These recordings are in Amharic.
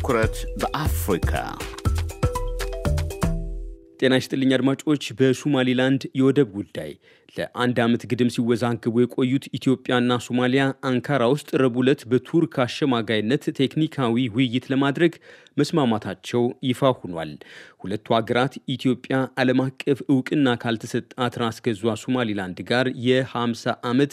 ትኩረት በአፍሪካ ጤና ይስጥልኝ አድማጮች። በሶማሊላንድ የወደብ ጉዳይ ለአንድ ዓመት ግድም ሲወዛገቡ የቆዩት ኢትዮጵያና ሶማሊያ አንካራ ውስጥ ረቡዕ ዕለት በቱርክ አሸማጋይነት ቴክኒካዊ ውይይት ለማድረግ መስማማታቸው ይፋ ሆኗል። ሁለቱ ሀገራት ኢትዮጵያ ዓለም አቀፍ እውቅና ካልተሰጣት ራስ ገዟ ሶማሊላንድ ጋር የ50 ዓመት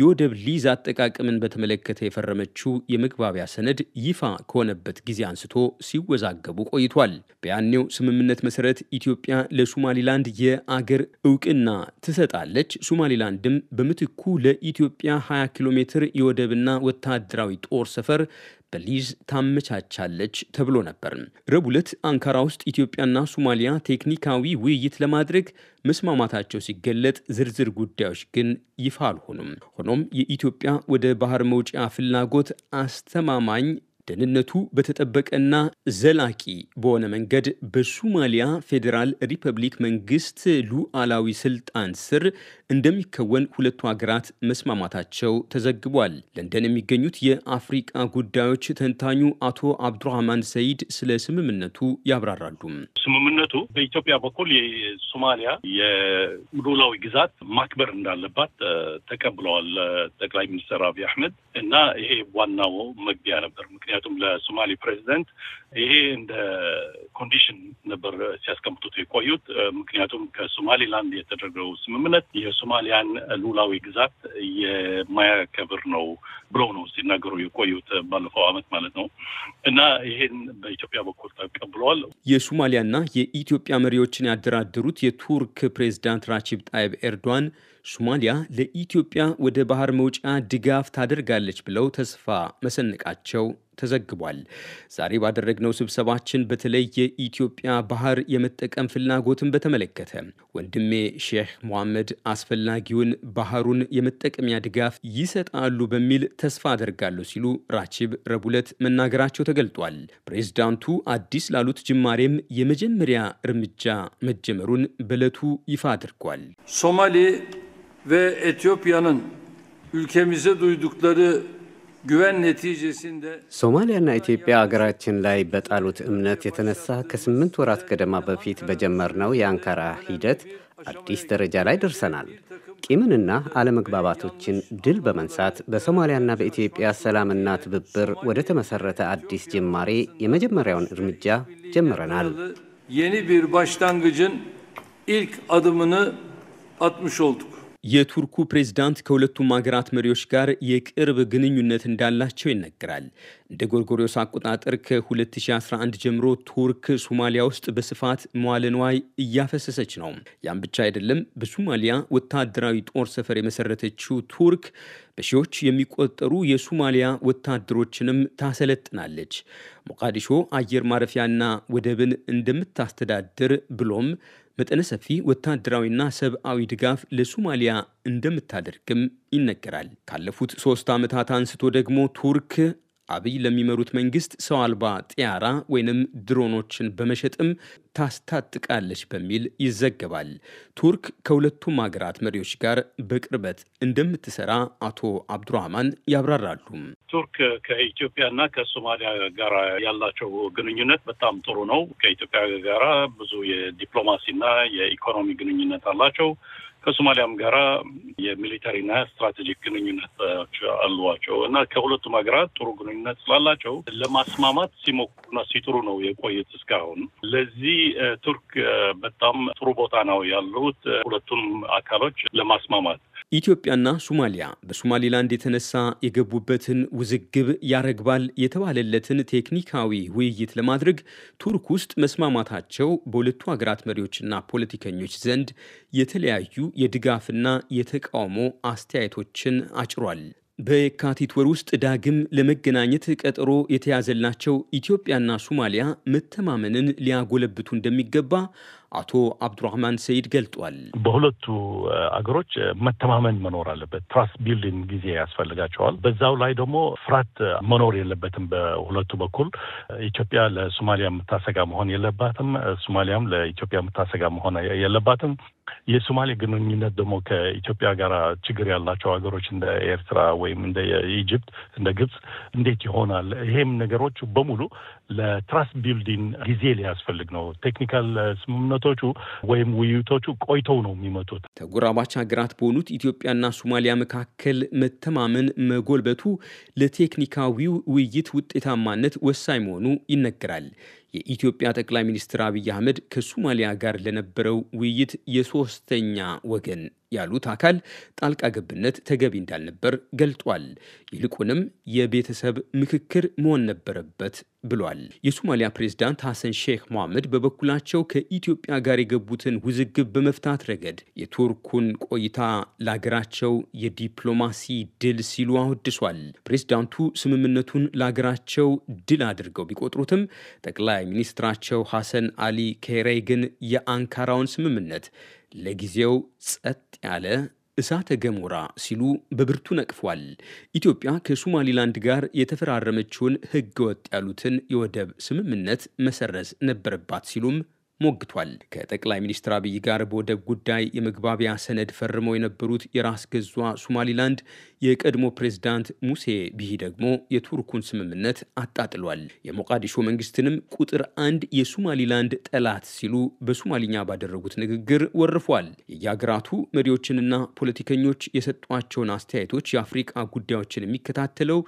የወደብ ሊዝ አጠቃቀምን በተመለከተ የፈረመችው የመግባቢያ ሰነድ ይፋ ከሆነበት ጊዜ አንስቶ ሲወዛገቡ ቆይቷል። በያኔው ስምምነት መሰረት ኢትዮጵያ ለሶማሊላንድ የአገር እውቅና ትሰጣለች እንዳለች ሶማሌላንድም በምትኩ ለኢትዮጵያ 20 ኪሎ ሜትር የወደብና ወታደራዊ ጦር ሰፈር በሊዝ ታመቻቻለች ተብሎ ነበር። ረቡዕ ዕለት አንካራ ውስጥ ኢትዮጵያና ሶማሊያ ቴክኒካዊ ውይይት ለማድረግ መስማማታቸው ሲገለጥ ዝርዝር ጉዳዮች ግን ይፋ አልሆኑም። ሆኖም የኢትዮጵያ ወደ ባህር መውጫ ፍላጎት አስተማማኝ ደህንነቱ በተጠበቀና ዘላቂ በሆነ መንገድ በሱማሊያ ፌዴራል ሪፐብሊክ መንግስት ሉዓላዊ ስልጣን ስር እንደሚከወን ሁለቱ ሀገራት መስማማታቸው ተዘግቧል። ለንደን የሚገኙት የአፍሪቃ ጉዳዮች ተንታኙ አቶ አብዱራህማን ሰይድ ስለ ስምምነቱ ያብራራሉ። ስምምነቱ በኢትዮጵያ በኩል የሶማሊያ የሉዓላዊ ግዛት ማክበር እንዳለባት ተቀብለዋል ጠቅላይ ሚኒስትር አብይ አህመድ እና ይሄ ዋናው መግቢያ ነበር ምክንያቱ ምክንያቱም ለሶማሌ ፕሬዚደንት ይሄ እንደ ኮንዲሽን ነበር ሲያስቀምጡት የቆዩት። ምክንያቱም ከሶማሌላንድ የተደረገው ስምምነት የሶማሊያን ሉላዊ ግዛት የማያከብር ነው ብለው ነው ሲናገሩ የቆዩት ባለፈው ዓመት ማለት ነው እና ይሄን በኢትዮጵያ በኩል ተቀብለዋል። የሶማሊያና የኢትዮጵያ መሪዎችን ያደራደሩት የቱርክ ፕሬዚዳንት ራቺብ ጣይብ ኤርዶዋን ሶማሊያ ለኢትዮጵያ ወደ ባህር መውጫ ድጋፍ ታደርጋለች ብለው ተስፋ መሰንቃቸው ተዘግቧል። ዛሬ ባደረግነው ስብሰባችን በተለይ የኢትዮጵያ ባህር የመጠቀም ፍላጎትን በተመለከተ ወንድሜ ሼህ ሞሐመድ አስፈላጊውን ባህሩን የመጠቀሚያ ድጋፍ ይሰጣሉ በሚል ተስፋ አደርጋለሁ ሲሉ ራቺብ ረቡዕ ዕለት መናገራቸው ተገልጧል። ፕሬዝዳንቱ አዲስ ላሉት ጅማሬም የመጀመሪያ እርምጃ መጀመሩን በዕለቱ ይፋ አድርጓል። ሶማሌ ve ülkemize duydukları ሶማሊያና ኢትዮጵያ አገራችን ላይ በጣሉት እምነት የተነሳ ከስምንት ወራት ገደማ በፊት በጀመርነው የአንካራ ሂደት አዲስ ደረጃ ላይ ደርሰናል። ቂምንና አለመግባባቶችን ድል በመንሳት በሶማሊያና በኢትዮጵያ ሰላምና ትብብር ወደ ተመሰረተ አዲስ ጅማሬ የመጀመሪያውን እርምጃ ጀምረናል። የኒ ቢር ባሽታንግጅን ኢልክ አድምን አትሙሽ የቱርኩ ፕሬዝዳንት ከሁለቱም ሀገራት መሪዎች ጋር የቅርብ ግንኙነት እንዳላቸው ይነገራል። እንደ ጎርጎሪዮስ አቆጣጠር ከ2011 ጀምሮ ቱርክ ሶማሊያ ውስጥ በስፋት መዋለ ንዋይ እያፈሰሰች ነው። ያም ብቻ አይደለም። በሶማሊያ ወታደራዊ ጦር ሰፈር የመሰረተችው ቱርክ በሺዎች የሚቆጠሩ የሶማሊያ ወታደሮችንም ታሰለጥናለች። ሞቃዲሾ አየር ማረፊያና ወደብን እንደምታስተዳድር ብሎም መጠነ ሰፊ ወታደራዊና ሰብአዊ ድጋፍ ለሶማሊያ እንደምታደርግም ይነገራል። ካለፉት ሶስት ዓመታት አንስቶ ደግሞ ቱርክ አብይ ለሚመሩት መንግስት ሰው አልባ ጥያራ ወይንም ድሮኖችን በመሸጥም ታስታጥቃለች በሚል ይዘገባል። ቱርክ ከሁለቱም ሀገራት መሪዎች ጋር በቅርበት እንደምትሰራ አቶ አብዱራህማን ያብራራሉ። ቱርክ ከኢትዮጵያና ከሶማሊያ ጋር ያላቸው ግንኙነት በጣም ጥሩ ነው። ከኢትዮጵያ ጋራ ብዙ የዲፕሎማሲና የኢኮኖሚ ግንኙነት አላቸው። ከሶማሊያም ጋራ የሚሊተሪና ስትራቴጂክ ግንኙነት አሏቸው እና ከሁለቱም ሀገራት ጥሩ ግንኙነት ስላላቸው ለማስማማት ሲሞክሩና ሲጥሩ ነው የቆየት እስካሁን። ለዚህ ቱርክ በጣም ጥሩ ቦታ ነው ያሉት ሁለቱም አካሎች ለማስማማት ኢትዮጵያና ሱማሊያ በሱማሌላንድ የተነሳ የገቡበትን ውዝግብ ያረግባል የተባለለትን ቴክኒካዊ ውይይት ለማድረግ ቱርክ ውስጥ መስማማታቸው በሁለቱ ሀገራት መሪዎችና ፖለቲከኞች ዘንድ የተለያዩ የድጋፍና የተቃውሞ አስተያየቶችን አጭሯል። በየካቲት ወር ውስጥ ዳግም ለመገናኘት ቀጠሮ የተያዘላቸው ኢትዮጵያና ሱማሊያ መተማመንን ሊያጎለብቱ እንደሚገባ አቶ አብዱራህማን ሰይድ ገልጧል። በሁለቱ አገሮች መተማመን መኖር አለበት። ትራስት ቢልዲንግ ጊዜ ያስፈልጋቸዋል። በዛው ላይ ደግሞ ፍራት መኖር የለበትም። በሁለቱ በኩል ኢትዮጵያ ለሶማሊያ የምታሰጋ መሆን የለባትም። ሶማሊያም ለኢትዮጵያ የምታሰጋ መሆን የለባትም። የሶማሌ ግንኙነት ደግሞ ከኢትዮጵያ ጋር ችግር ያላቸው ሀገሮች እንደ ኤርትራ ወይም እንደ ኢጅፕት፣ እንደ ግብጽ እንዴት ይሆናል? ይሄም ነገሮች በሙሉ ለትራስት ቢልዲንግ ጊዜ ሊያስፈልግ ነው። ቴክኒካል ስምምነ ጦርነቶቹ ወይም ውይይቶቹ ቆይተው ነው የሚመጡት። ተጎራባች ሀገራት በሆኑት ኢትዮጵያና ሶማሊያ መካከል መተማመን መጎልበቱ ለቴክኒካዊው ውይይት ውጤታማነት ወሳኝ መሆኑ ይነገራል። የኢትዮጵያ ጠቅላይ ሚኒስትር አብይ አህመድ ከሶማሊያ ጋር ለነበረው ውይይት የሶስተኛ ወገን ያሉት አካል ጣልቃ ገብነት ተገቢ እንዳልነበር ገልጧል። ይልቁንም የቤተሰብ ምክክር መሆን ነበረበት ብሏል። የሶማሊያ ፕሬዝዳንት ሐሰን ሼክ መሐመድ በበኩላቸው ከኢትዮጵያ ጋር የገቡትን ውዝግብ በመፍታት ረገድ የቱርኩን ቆይታ ለሀገራቸው የዲፕሎማሲ ድል ሲሉ አወድሷል። ፕሬዝዳንቱ ስምምነቱን ለሀገራቸው ድል አድርገው ቢቆጥሩትም ጠቅላይ ሚኒስትራቸው ሐሰን አሊ ኬሬይ ግን የአንካራውን ስምምነት ለጊዜው ጸጥ ያለ እሳተ ገሞራ ሲሉ በብርቱ ነቅፏል። ኢትዮጵያ ከሶማሊላንድ ጋር የተፈራረመችውን ሕገ ወጥ ያሉትን የወደብ ስምምነት መሰረዝ ነበረባት ሲሉም ሞግቷል። ከጠቅላይ ሚኒስትር አብይ ጋር በወደብ ጉዳይ የመግባቢያ ሰነድ ፈርመው የነበሩት የራስ ገዟ ሶማሊላንድ የቀድሞ ፕሬዝዳንት ሙሴ ቢሂ ደግሞ የቱርኩን ስምምነት አጣጥሏል። የሞቃዲሾ መንግስትንም ቁጥር አንድ የሶማሊላንድ ጠላት ሲሉ በሶማሊኛ ባደረጉት ንግግር ወርፏል። የየሀገራቱ መሪዎችንና ፖለቲከኞች የሰጧቸውን አስተያየቶች የአፍሪቃ ጉዳዮችን የሚከታተለው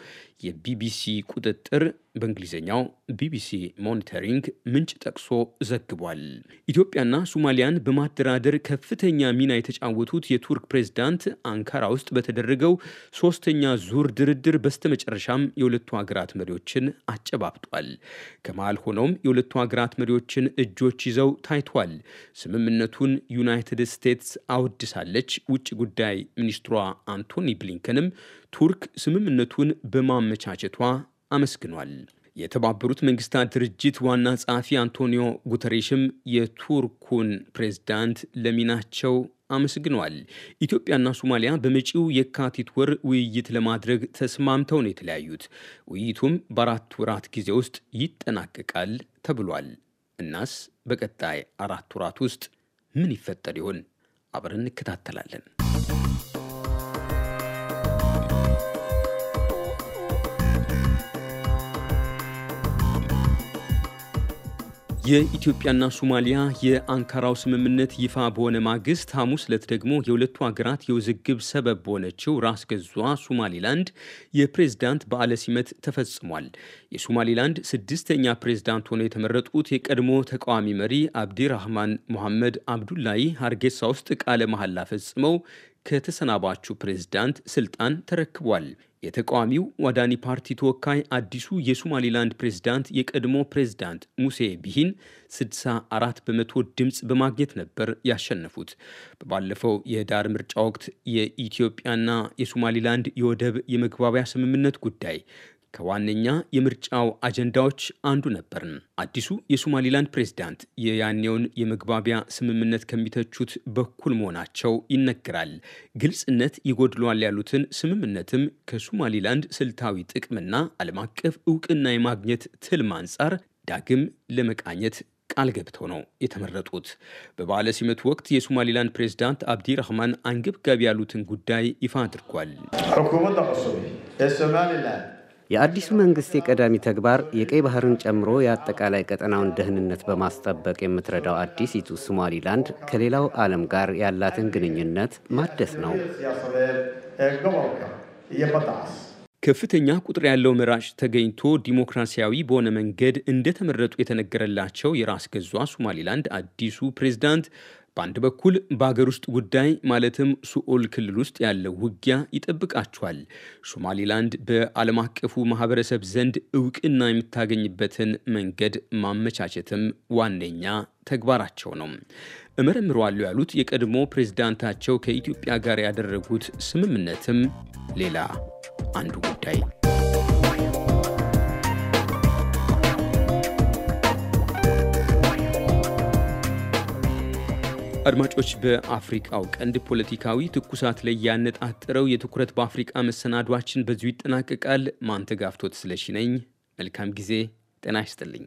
የቢቢሲ ቁጥጥር በእንግሊዝኛው ቢቢሲ ሞኒተሪንግ ምንጭ ጠቅሶ ዘግቧል። ኢትዮጵያና ሶማሊያን በማደራደር ከፍተኛ ሚና የተጫወቱት የቱርክ ፕሬዝዳንት አንካራ ውስጥ በተደረገው ሶስተኛ ዙር ድርድር በስተመጨረሻም የሁለቱ ሀገራት መሪዎችን አጨባብጧል። ከመሃል ሆነውም የሁለቱ ሀገራት መሪዎችን እጆች ይዘው ታይቷል። ስምምነቱን ዩናይትድ ስቴትስ አወድሳለች። ውጭ ጉዳይ ሚኒስትሯ አንቶኒ ብሊንከንም ቱርክ ስምምነቱን በማመቻቸቷ አመስግኗል። የተባበሩት መንግስታት ድርጅት ዋና ጸሐፊ አንቶኒዮ ጉተሬሽም የቱርኩን ፕሬዝዳንት ለሚናቸው አመስግነዋል። ኢትዮጵያና ሶማሊያ በመጪው የካቲት ወር ውይይት ለማድረግ ተስማምተው ነው የተለያዩት። ውይይቱም በአራት ወራት ጊዜ ውስጥ ይጠናቀቃል ተብሏል። እናስ በቀጣይ አራት ወራት ውስጥ ምን ይፈጠር ይሆን? አብረን እንከታተላለን። የኢትዮጵያና ሶማሊያ የአንካራው ስምምነት ይፋ በሆነ ማግስት ሐሙስ ዕለት ደግሞ የሁለቱ ሀገራት የውዝግብ ሰበብ በሆነችው ራስ ገዟ ሶማሊላንድ የፕሬዝዳንት በዓለ ሲመት ተፈጽሟል። የሶማሊላንድ ስድስተኛ ፕሬዝዳንት ሆነው የተመረጡት የቀድሞ ተቃዋሚ መሪ አብዲራህማን ሞሐመድ አብዱላሂ ሀርጌሳ ውስጥ ቃለ መሐላ ፈጽመው ከተሰናባቹ ፕሬዝዳንት ስልጣን ተረክቧል። የተቃዋሚው ዋዳኒ ፓርቲ ተወካይ አዲሱ የሶማሌላንድ ፕሬዝዳንት የቀድሞ ፕሬዝዳንት ሙሴ ቢሂን 64 በመቶ ድምፅ በማግኘት ነበር ያሸነፉት። በባለፈው የህዳር ምርጫ ወቅት የኢትዮጵያና የሶማሌላንድ የወደብ የመግባቢያ ስምምነት ጉዳይ ከዋነኛ የምርጫው አጀንዳዎች አንዱ ነበር። አዲሱ የሶማሊላንድ ፕሬዝዳንት የያኔውን የመግባቢያ ስምምነት ከሚተቹት በኩል መሆናቸው ይነገራል። ግልጽነት ይጎድሏል ያሉትን ስምምነትም ከሶማሊላንድ ስልታዊ ጥቅምና ዓለም አቀፍ እውቅና የማግኘት ትልም አንጻር ዳግም ለመቃኘት ቃል ገብተው ነው የተመረጡት። በበዓለ ሲመት ወቅት የሶማሊላንድ ፕሬዝዳንት አብዲ ረህማን አንገብጋቢ ያሉትን ጉዳይ ይፋ አድርጓል። የአዲሱ መንግስት የቀዳሚ ተግባር የቀይ ባህርን ጨምሮ የአጠቃላይ ቀጠናውን ደህንነት በማስጠበቅ የምትረዳው አዲሲቱ ሶማሊላንድ ከሌላው ዓለም ጋር ያላትን ግንኙነት ማደስ ነው። ከፍተኛ ቁጥር ያለው መራጭ ተገኝቶ ዲሞክራሲያዊ በሆነ መንገድ እንደተመረጡ የተነገረላቸው የራስ ገዟ ሶማሊላንድ አዲሱ ፕሬዝዳንት በአንድ በኩል በአገር ውስጥ ጉዳይ ማለትም ሱኦል ክልል ውስጥ ያለው ውጊያ ይጠብቃቸዋል። ሶማሊላንድ በዓለም አቀፉ ማህበረሰብ ዘንድ እውቅና የምታገኝበትን መንገድ ማመቻቸትም ዋነኛ ተግባራቸው ነው። እመረምረዋለሁ ያሉት የቀድሞ ፕሬዝዳንታቸው ከኢትዮጵያ ጋር ያደረጉት ስምምነትም ሌላ አንዱ ጉዳይ አድማጮች፣ በአፍሪቃው ቀንድ ፖለቲካዊ ትኩሳት ላይ ያነጣጠረው የትኩረት በአፍሪቃ መሰናዷችን በዙ ይጠናቀቃል። ማንተጋፍቶት ስለሺ ነኝ። መልካም ጊዜ። ጤና ይስጥልኝ።